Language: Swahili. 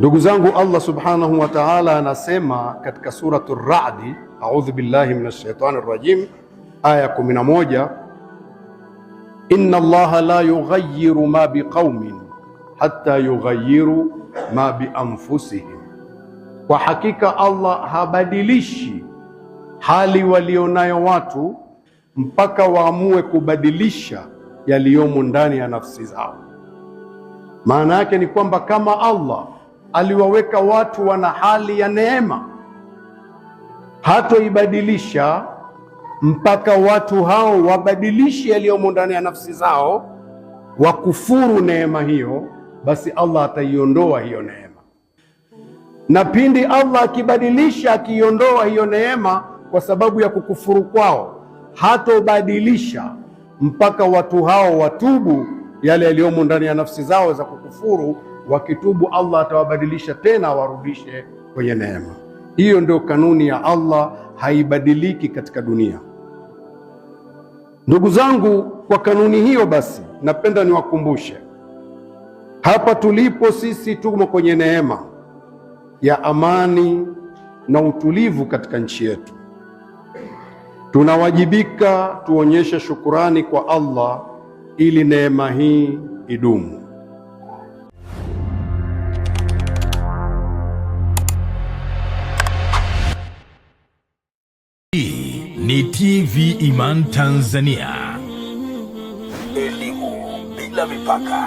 Ndugu zangu, Allah subhanahu wa ta'ala anasema katika suratu Radi, audhu billahi minash shaitani rajim, aya 11, inna allaha la yughayyiru ma biqaumin hatta yughayyiru ma bianfusihim, kwa hakika Allah habadilishi hali walionayo watu mpaka waamue kubadilisha yaliyomo ndani ya nafsi zao. Maana yake ni kwamba kama Allah aliwaweka watu wana hali ya neema, hatoibadilisha mpaka watu hao wabadilishe yaliyomo ndani ya nafsi zao, wakufuru neema hiyo, basi Allah ataiondoa hiyo neema. Na pindi Allah akibadilisha, akiiondoa hiyo neema kwa sababu ya kukufuru kwao, hatobadilisha mpaka watu hao watubu yale yaliyomo ndani ya nafsi zao za kukufuru wakitubu, Allah atawabadilisha tena awarudishe kwenye neema. Hiyo ndio kanuni ya Allah, haibadiliki katika dunia. Ndugu zangu, kwa kanuni hiyo basi, napenda niwakumbushe hapa tulipo sisi tumo kwenye neema ya amani na utulivu katika nchi yetu. Tunawajibika tuonyeshe shukurani kwa Allah ili neema hii idumu. ni TV Iman Tanzania, elimu bila mipaka.